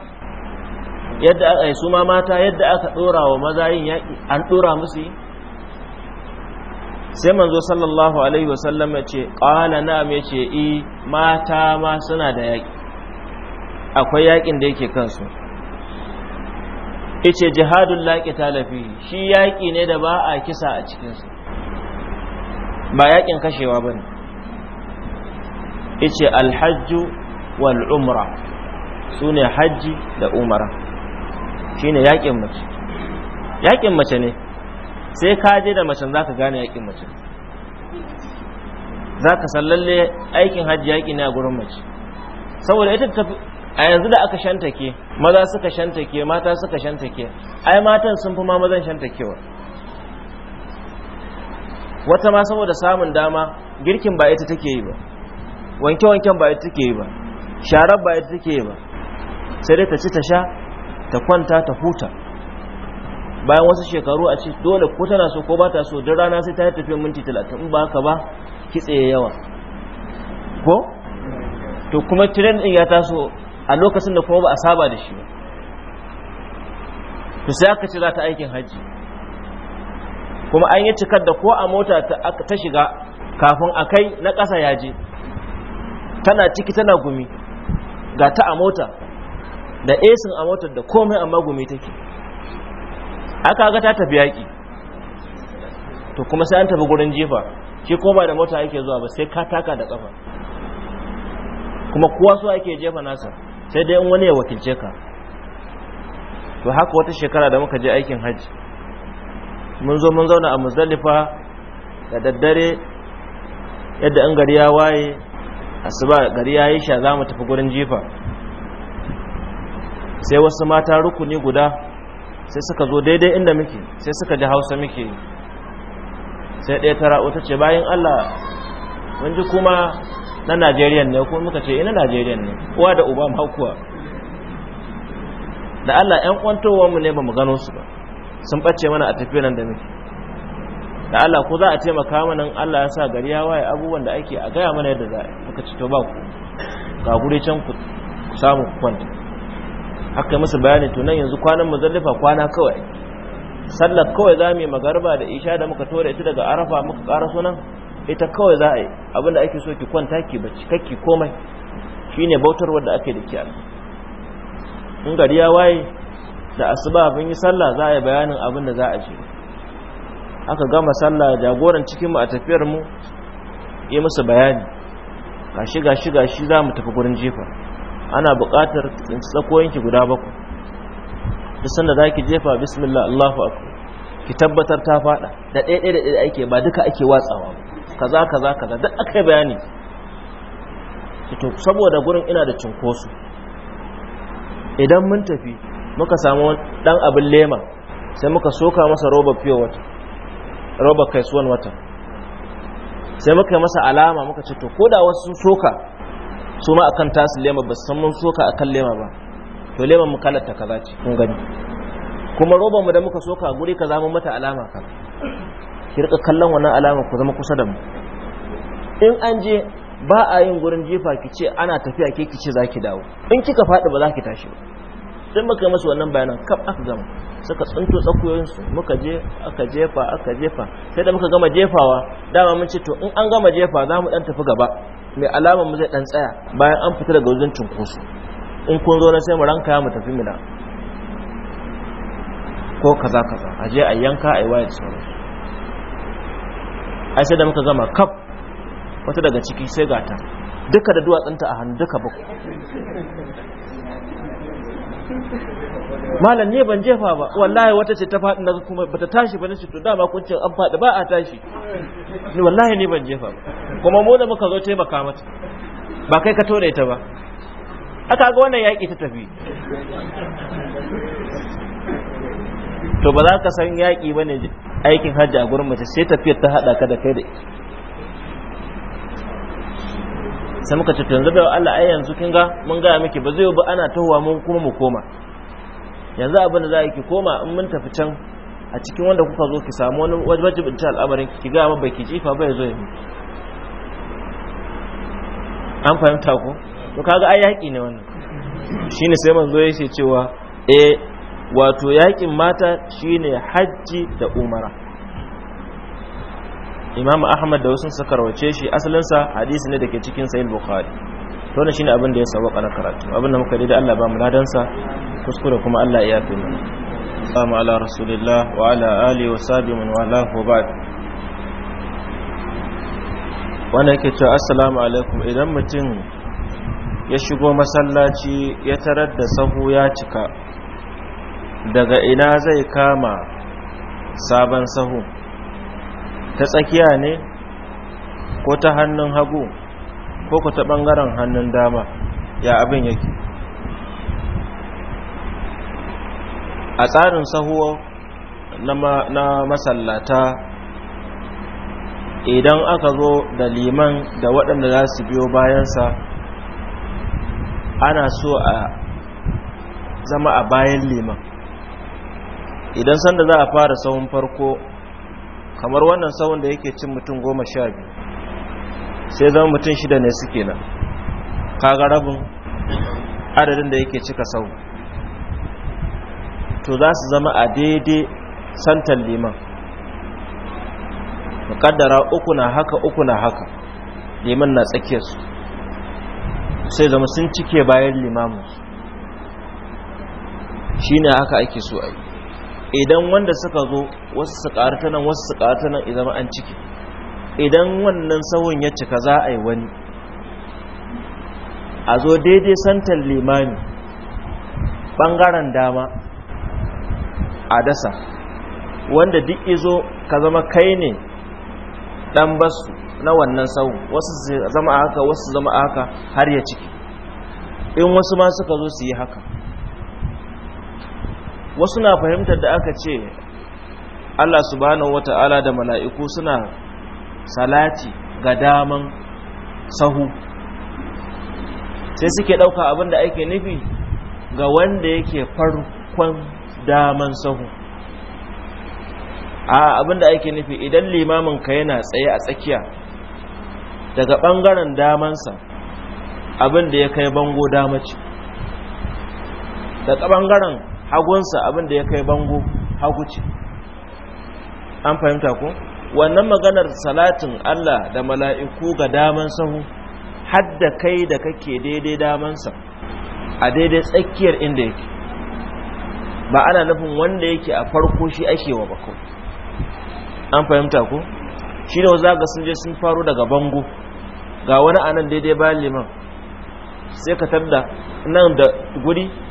yadda aka su ma mata yadda aka dora wa maza yin yaƙi an dora musu sai manzo sallallahu alaihi wasallam ya ce qala na'am ya ce i eh, mata ma suna da yaƙi akwai yaƙin da yake kansu ice jihadun laƙi talafi shi yaƙi ne da ba a kisa a cikinsu ba yaƙin kashewa ba ne ice alhajju wal umra su ne hajji da umara shi ne yaƙin mace yaƙin mace ne sai ka je da mace za ka gane yaƙin mace za ka sallalle aikin hajji yaƙi ne a gurin mace saboda ita a yanzu da aka shantake maza suka shantake mata suka shantake ai matan sun fi ma mazan shantakewa wata ma saboda samun dama girkin ba ita take yi ba wanke-wanken ba ita take yi ba sharar ba ita take yi ba sai dai ta ci ta sha ta kwanta ta huta bayan wasu shekaru a ci dole ko tana so ko ba ta so don rana sai ta yi tafiyar minti talatin ba haka ba kitse yawa ko to kuma tiren din ya taso a lokacin da kuma ba a saba da shi ba to sai aka ci za ta aikin hajji kuma an yi cikar da ko a mota ta shiga kafin a kai na ƙasa ya je tana ciki tana gumi ga ta a mota da esin a motar da komai amma gumi take aka ga ta tafi yaƙi to kuma sai an tafi gurin jefa shi ko ba da mota ake zuwa ba sai ka taka da ƙafa kuma kowa so ake jefa nasa sai dai wani ya wakilce ka to haka wata shekara da muka je aikin hajji mun zo mun zauna a muzdalifa da daddare yadda an gari ya waye asuba gari ya yi sha za mu tafi gurin jifa sai wasu mata rukuni guda sai suka zo daidai inda muke sai suka ji hausa muke sai ɗaya tara ta ce bayan allah mun ji kuma na Najeriya ne ko muka ce ina eh, Najeriya ne uwa da uba haukuwa da Allah ƴan kwantowar mu ne mu gano su ba sun bace mana a tafiyar nan da muke da Allah ko za a taimaka mana in Allah ya sa gari ya waye abubuwan da ake a gaya mana yadda za a muka ci to ba ku ga gure can ku samu ku kwanta aka musu bayani to nan yanzu kwanan muzallifa kwana kawai sallar kawai za mu yi magarba da isha da muka tore ita daga arafa muka ƙara sunan ita kawai za a yi abinda ake so ki kwanta ki bacci kakki komai shine bautar da ake da kiyar in gari ya waye da asuba bin yi sallah za a yi bayanin abin za a je aka gama sallah jagoran cikin a tafiyar mu yi musu bayani shiga-shiga shi za mu tafi gurin jefa ana buƙatar tsakoyinki guda bakwai da sanda za ki jefa bismillah allahu akwai ki tabbatar ta fada da ɗaya ɗaya da ɗaya ake ba duka ake watsawa ba kaza kaza kaza duk akai bayani to saboda gurin ina da cinkoso idan mun tafi muka samu dan abin lema sai muka soka masa roba fiye wata roba kaisuwan wata sai muka yi masa alama muka ce to koda wasu soka su ma akan tasu lema ba san mun soka akan lema ba to lema mu kalar ta kaza ce kun gani kuma roban mu da muka soka guri kaza mun mata alama ka. ki rika kallon wannan alama ku zama kusa da mu in an je ba a yin gurin jefa ki ce ana tafiya ke ki ce za ki dawo in kika faɗi ba za ki tashi ba sai muka yi masu wannan bayanan kaf aka gama suka tsinto tsakuyoyinsu muka je aka jefa aka jefa sai da muka gama jefawa dama mun ce to in an gama jefa za mu dan tafi gaba mai alama mu zai ɗan tsaya bayan an fita daga wajen cunkoso in kun zo na sai mu ranka mu tafi mina ko kaza kaza a je a yanka a yi waye da sauran ai sai da muka gama kaf wata daga ciki sai gata duka da duwatsanta a hannu duka ba malam ne ban jefa ba wallahi wata ce ta faɗi daga kuma bata tashi ba nace to dama kun ce an faɗi ba a tashi ni wallahi ne ban jefa ba kuma mu da muka zo taimaka mata ba kai ka tore ta ba aka ga wannan yaƙi ta tafi to ba za ka san yaƙi ba ne aikin hajji a gurin mace sai tafiyar ta haɗa ka da kai da ita sai muka ce yanzu da Allah ai yanzu kin ga mun gaya miki ba zai ba ana tahowa mun kuma mu koma yanzu abin da za ki koma in mun tafi can a cikin wanda kuka zo ki samu wani wajibin ta al'amarin ki ga ba ki jifa ba ya zo ya an fahimta ko to kaga ai yaki ne wannan shine sai manzo ce cewa eh wato yakin mata shine hajji da umara imamu ahmad da wasu suka rawace shi asalinsa hadisi ne da ke cikin sahih bukhari to ne shine abin da ya sabo kana karatu abin da muka yi da Allah ba mu ladansa kuskure kuma Allah ya yafe mu assalamu ala rasulillah wa ala ali wa sabi man wala wa ba'd wannan yake cewa assalamu alaikum idan mutum ya shigo masallaci ya tarar da sahu ya cika daga ina zai kama sabon sahu ta tsakiya ne ko ta hannun hagu ko ku ta ɓangaren hannun dama ya abin yake a tsarin sahuwa na masallata idan aka zo da liman da waɗanda za su biyo bayansa ana so a zama a bayan liman idan sanda za a fara sahun farko kamar wannan sahun da yake cin mutum goma sha biyu sai zama mutum shida ne suke nan kaga rabin adadin da yake cika sahun to za su zama a daidai santan liman mukaddara uku na haka uku na haka liman na su sai zama sun cike bayan limamin shi ne haka ake so a yi idan wanda suka zo wasu su ƙarata nan wasu su ƙarata nan idan an ciki idan wannan sahun ya cika za a yi wani a zo daidai santar limani ɓangaren dama a dasa wanda duk izo ka zama kai ne ɗan basu na wannan sahun wasu zama haka wasu zama haka har ya ciki in wasu ma suka zo su yi haka wasu na fahimtar da aka ce Allah subhanahu ta'ala da mala'iku suna salati ga daman sahu sai suke ɗauka abin da ake nufi ga wanda yake farkon daman sahu a abin da ake nufi idan limamin ka yana tsaye a tsakiya daga ɓangaren damansa abin da ya kai bango damaci daga ɓangaren hagunsa abinda ya kai bango hagu ce an fahimta ko wannan maganar salatin Allah da mala'iku ga daman sahu hadda kai da kake daidai damansa a daidai tsakiyar inda yake ba ana nufin wanda yake a farko shi ake wa bako an fahimta ko shi da za ga sun je sun faru daga bango ga wani anan daidai bayan liman sai ka tabda nan da guri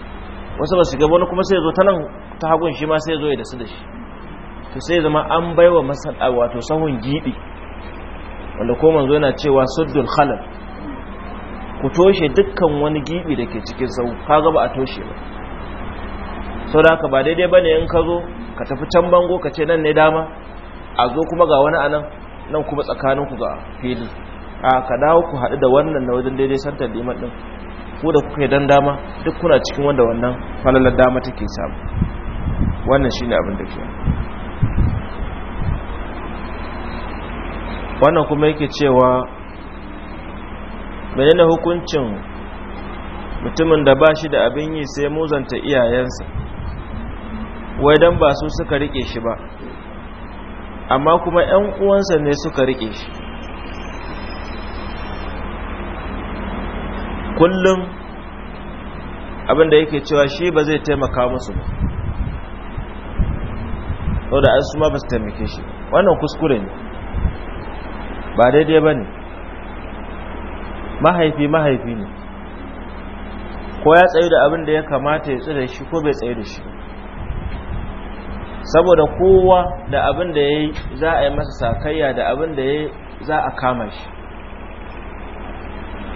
wasu ba su gaba wani kuma sai zo ta nan ta hagun shi ma sai zo ya da su da shi to sai zama an bai wa a wato sahun giɓi wanda ko manzo yana cewa suddul khalal ku toshe dukkan wani giɓi da ke cikin sau ka ga a toshe ba sau da haka ba daidai ba ne in ka zo ka tafi can bango ka ce nan ne dama a zo kuma ga wani anan nan kuma tsakaninku ga fili a ka dawo ku haɗu da wannan na wajen daidai santar liman ɗin ko da kuka yi dan dama duk kuna cikin wanda wannan falalar dama take samu wannan shine abin da ke wannan kuma yake cewa menene hukuncin mutumin da ba shi da abin yi sai muzanta iyayensa wai dan ba su suka rike shi ba amma kuma 'yan uwansa ne suka rike shi kullum abin da yake cewa shi ba zai taimaka musu ba sau da su ma ba su taimake shi wannan kuskure ne ba daidai ba ne mahaifi mahaifi ne ko ya tsayu da abin da ya kamata ya tsira shi ko bai tsayu da shi saboda kowa da abin da ya yi za a yi masa sakayya da abin da ya yi za a kama shi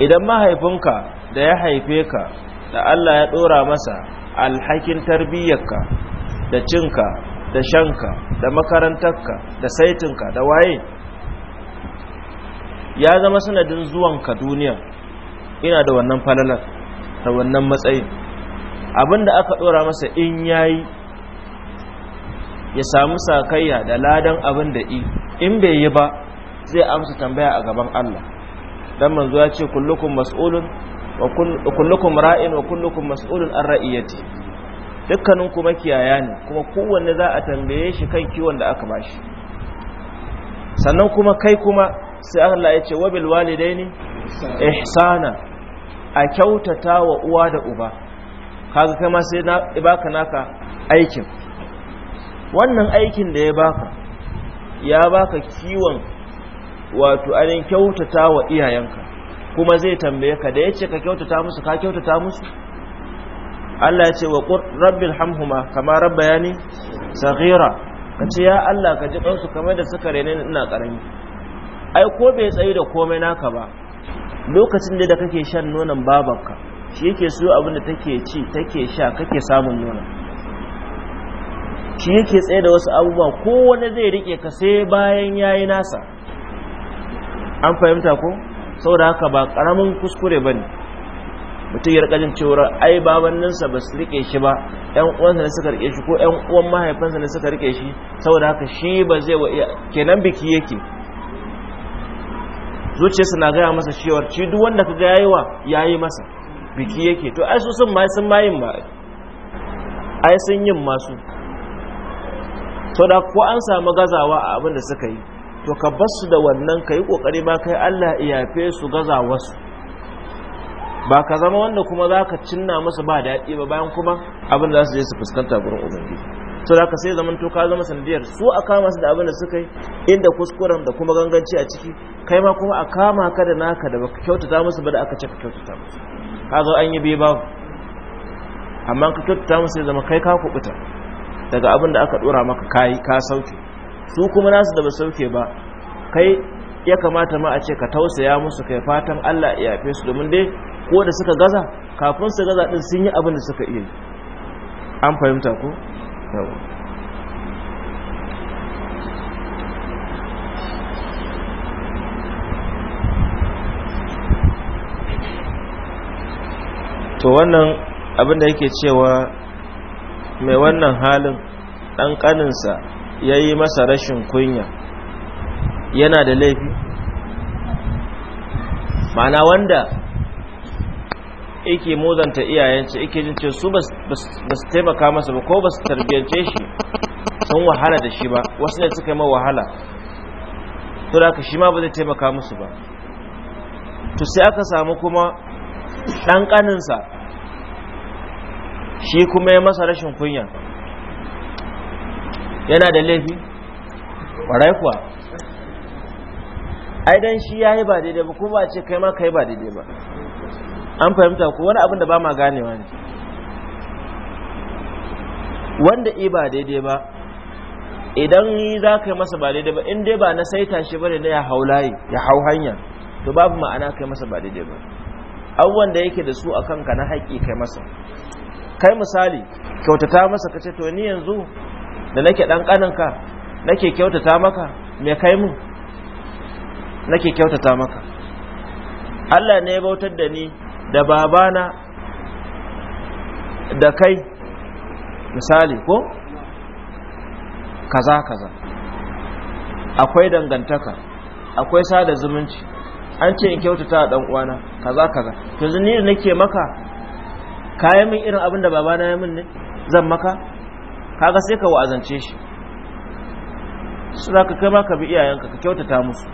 idan mahaifinka da ya haife ka da Allah ya ɗora masa alhakin tarbiyyarka da cinka da shanka da makarantarka da saitinka da waye ya zama sanadin zuwanka duniya ina da wannan falalar da wannan matsayin abinda aka ɗora masa in yayi ya samu sakayya da ladan abin da in bai yi ba zai amsa tambaya a gaban Allah dan manzo ya ce kullukum mas'ulun wa kullukum ra'in wa kullukum mas'ulun an ra'iyati dukkanin ku makiyaya ne kuma kowanne za a tambaye shi kan kiwon da aka bashi sannan kuma kai kuma sai Allah ya ce wa bil walidaini ihsana a kyautata wa uwa da uba kaga kai ma sai na baka naka aikin wannan aikin da ya baka ya baka kiwon wato anin kyautata wa iyayenka kuma zai tambaye ka da yace ka kyautata musu ka kyautata musu Allah ya ce wa rabbil hamhuma kama tsagira ka ce ya Allah ka ji kansu kamar da suka rene ina karami ai ko bai tsayi da komai naka ba lokacin da kake shan nonon babanka shi yake so abin da take ci take sha kake samun nonon shi yake tsaye da wasu abubuwa kowane zai rike ka sai bayan yayi nasa an fahimta ko saboda haka ba karamin kuskure ba ne mutum ya jin cewa ai babanninsa ba su rike shi ba yan uwansa ne suka rike shi ko yan uwan mahaifinsa ne suka rike shi saboda haka shi ba zai wa iya kenan biki yake zuciyarsa na gaya masa cewar ci duk wanda ka ga yayi wa yayi masa biki yake to ai su sun ma sun mayin ba ai sun yin masu saboda ko an samu gazawa a abin da suka yi to ka bas da wannan ka yi ƙoƙari ba kai Allah iyafe su gaza wasu ba ka zama wanda kuma za ka cinna masa ba daɗi ba bayan kuma abin da za su je su fuskanta gurin ubangiji to da ka sai zaman to ka zama sanadiyar su a kama su da abin da suka yi inda kuskuren da kuma ganganci a ciki kai ma kuma a kama ka da naka da baka kyautata musu ba da aka ce ka kyautata musu ka zo an yi bai babu amma ka kyautata musu sai zama kai ka kubuta daga abin da aka dora maka kai ka sauke su kuma nasu da ba sauke ba kai ya kamata ma a ce ka tausaya musu kai fatan Allah ya yafe su domin dai ko da suka gaza kafin su gaza din sun yi abin da suka iya an fahimta ko to wannan abin da yake cewa mai wannan halin ɗan ƙaninsa ya yi masa rashin kunya yana da laifi mana wanda ike mozanta iyayenci ike jin ce su ba su taimaka masa ba ko ba su tarbiyyance shi sun wahala da shi ba wasu ne suka yi ma wahala to da aka shi ma ba zai taimaka musu ba to sai aka samu kuma ɗan shi kuma ya masa rashin kunya yana da laifi ƙwarai kuwa ai dan shi ya yi ba daidai ba kuma a ce kai ma kai ba daidai ba an fahimta ku wani abin da ba ma ganewa ne wanda i ba daidai ba idan yi za ka yi masa ba daidai ba in dai ba na saita shi bane na ya hau layi ya hau hanya to babu ma'ana kai masa ba daidai ba abubuwan wanda yake da su a kanka na haƙƙi kai masa kai misali kyautata masa ka ce to ni yanzu da nake dan kaninka nake kyautata maka me kai mun nake kyautata maka Allah ne ya bautar da ni da babana da kai misali ko kaza kaza akwai dangantaka akwai sada zumunci an ce in kyautata a dan uwana kaza kaza to ni da nake maka kayan min irin abin da babana ya min ne zan maka kaga sai ka wa'azance shi suna ka kai ma ka bi iyayenka ka kyautata musu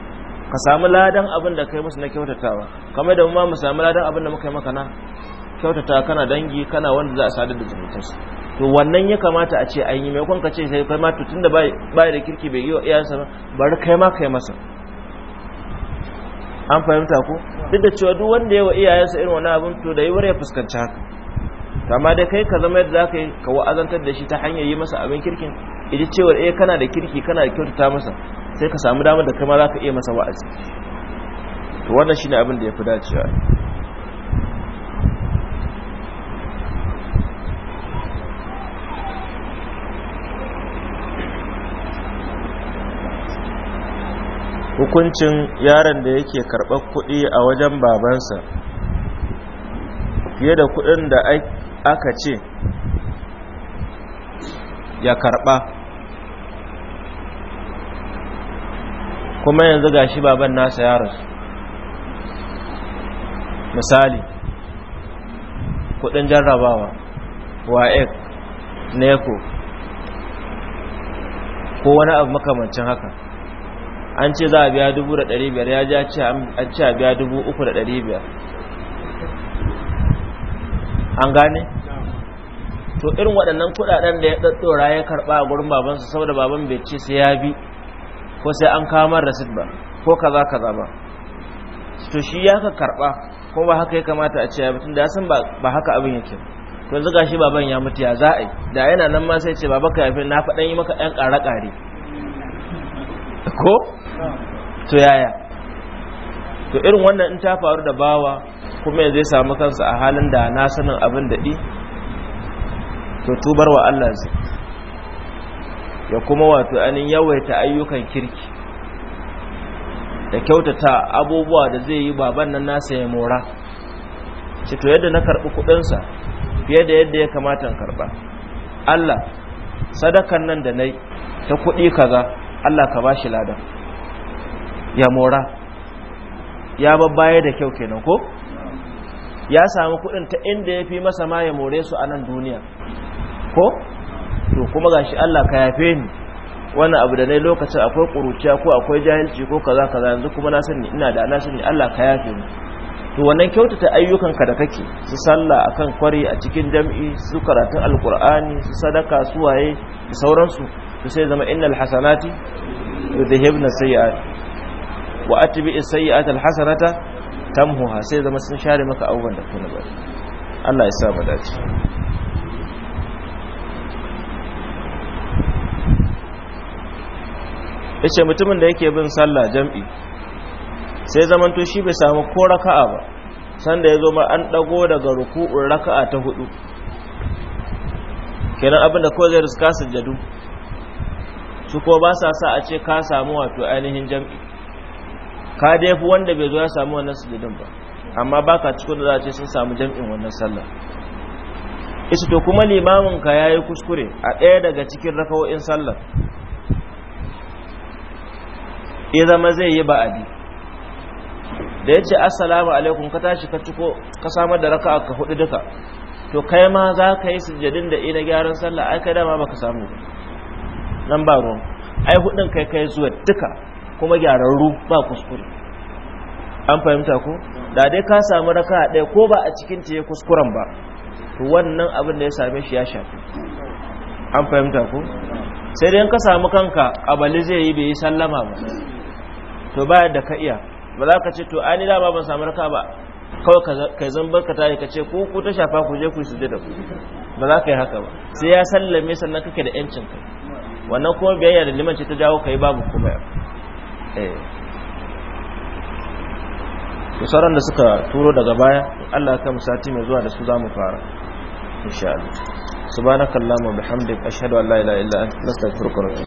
ka samu ladan abin da kai musu na kyautatawa kamar da ma mu samu ladan abin da muka yi maka na kyautata kana dangi kana wanda za a sadar da zumuntarsu to wannan ya kamata a ce an yi maimakon ka ce sai kai ma tutun da bai da kirki bai yi wa iyayensa ba bari kai ma kai masa an fahimta ko duk da cewa duk wanda ya wa iyayensa irin wani abin to da yiwuwar ya fuskanci haka Kama da kai ka zama yadda za ka yi ka wa'azantar da shi ta hanyar yi masa abin kirkin iji cewar eh kana da kirki kana da kyautata masa sai ka samu damar da kama za ka iya masa wa'azi to wannan shi ne abin da ya fi dacewa hukuncin yaron da yake karɓar kuɗi a wajen babansa fiye da kuɗin da aka ce ya karɓa kuma yanzu gashi baban nasa ya rasu misali kudin jarrabawa waek neco ko wani abu makamancin haka an ce za a biya dubu da ɗari biyar ya ji an ce a biya dubu uku da ɗari biyar an gane? to irin waɗannan kuɗaɗen da ya ɗaɗɗora ya karɓa a gurin babansa saboda baban bai ce sai ya bi ko sai an kamar rasid ba ko kaza kaza ba to shi ya ka karɓa ko ba haka ya kamata a ce ya da ya san ba haka abin yake to yanzu gashi baban ya mutu ya za a yi da yana nan ma sai ce baba ka yafi na faɗan yi maka ɗan ƙare-ƙare ko to yaya to irin wannan in ta faru da bawa kuma yanzu ya samu kansa a halin da na sanin abin da ɗi to tubar wa Allah zai ya kuma wato anin yawaita ayyukan kirki da kyautata abubuwa da zai yi baban nan nasa ya mora ce to yadda na karɓi kuɗinsa fiye da yadda ya kamata karɓa Allah sadakan nan da nai ta kuɗi kaza Allah ka bashi ladan ya mora ya babbaye da kyau kenan ko ya samu kuɗin ta inda ya fi masa ma ya more su a nan duniya ko to kuma gashi Allah ka yafe ni wannan abu da nayi lokacin akwai kuruciya ko akwai jahilci ko kaza kaza yanzu kuma na sani ina da na sani Allah ka yafe ni to wannan kyautata ayyukan ka da kake su sallah akan kwari a cikin jami'i su karatun alqur'ani su sadaka su waye da sauransu to sai zama innal hasanati yudhibna sayi'at wa atbi sayiat alhasanata tamhuha sai zama sun share maka abubuwan da kuna bari Allah ya sa mu dace ya ce mutumin da yake bin sallah jam'i sai zamanto shi bai samu ko raka'a ba sanda ya zo ma an ɗago daga ruku'un raka'a ta hudu kenan abin da kawai zai riska sujjadu su ko ba sa sa a ce ka samu wato ainihin jam'i ka dai fi wanda bai zo ya samu wannan sujjadun ba amma ba ka cikin da za a ce sun samu jam'in wannan sallah isa to kuma limamin ka ya yi kuskure a ɗaya daga cikin raka'o'in sallah ya zama zai yi ba'adi da ya ce assalamu alaikum ka tashi ka ciko ka samar da raka'a ka hudu duka to kai ma za ka yi sujjadin da ina gyaran sallah ai kai dama baka samu nan ba ruwan ai hudun kai kai zuwa duka kuma gyararru ba kuskure an fahimta ko da dai ka samu raka'a ɗaya ko ba a cikin ta kuskuren ba to wannan abin da ya same shi ya shafi an fahimta ko sai dai ka samu kanka abali zai yi bai yi sallama ba to ba da ka iya ba za ka ce to ani da ba ban samu raka ba kawai ka zambar ka tare ka ce ku ku ta shafa ku je ku su da ku ba za ka yi haka ba sai ya sallame sannan kake da yancin kai wannan kuma biyayya da liman ce ta jawo kai babu kuma eh sauran da suka turo daga baya Allah ka mu sati mai zuwa da su zamu fara insha Allah subhanakallahumma bihamdika ashhadu an la ilaha illa anta astaghfiruka wa atubu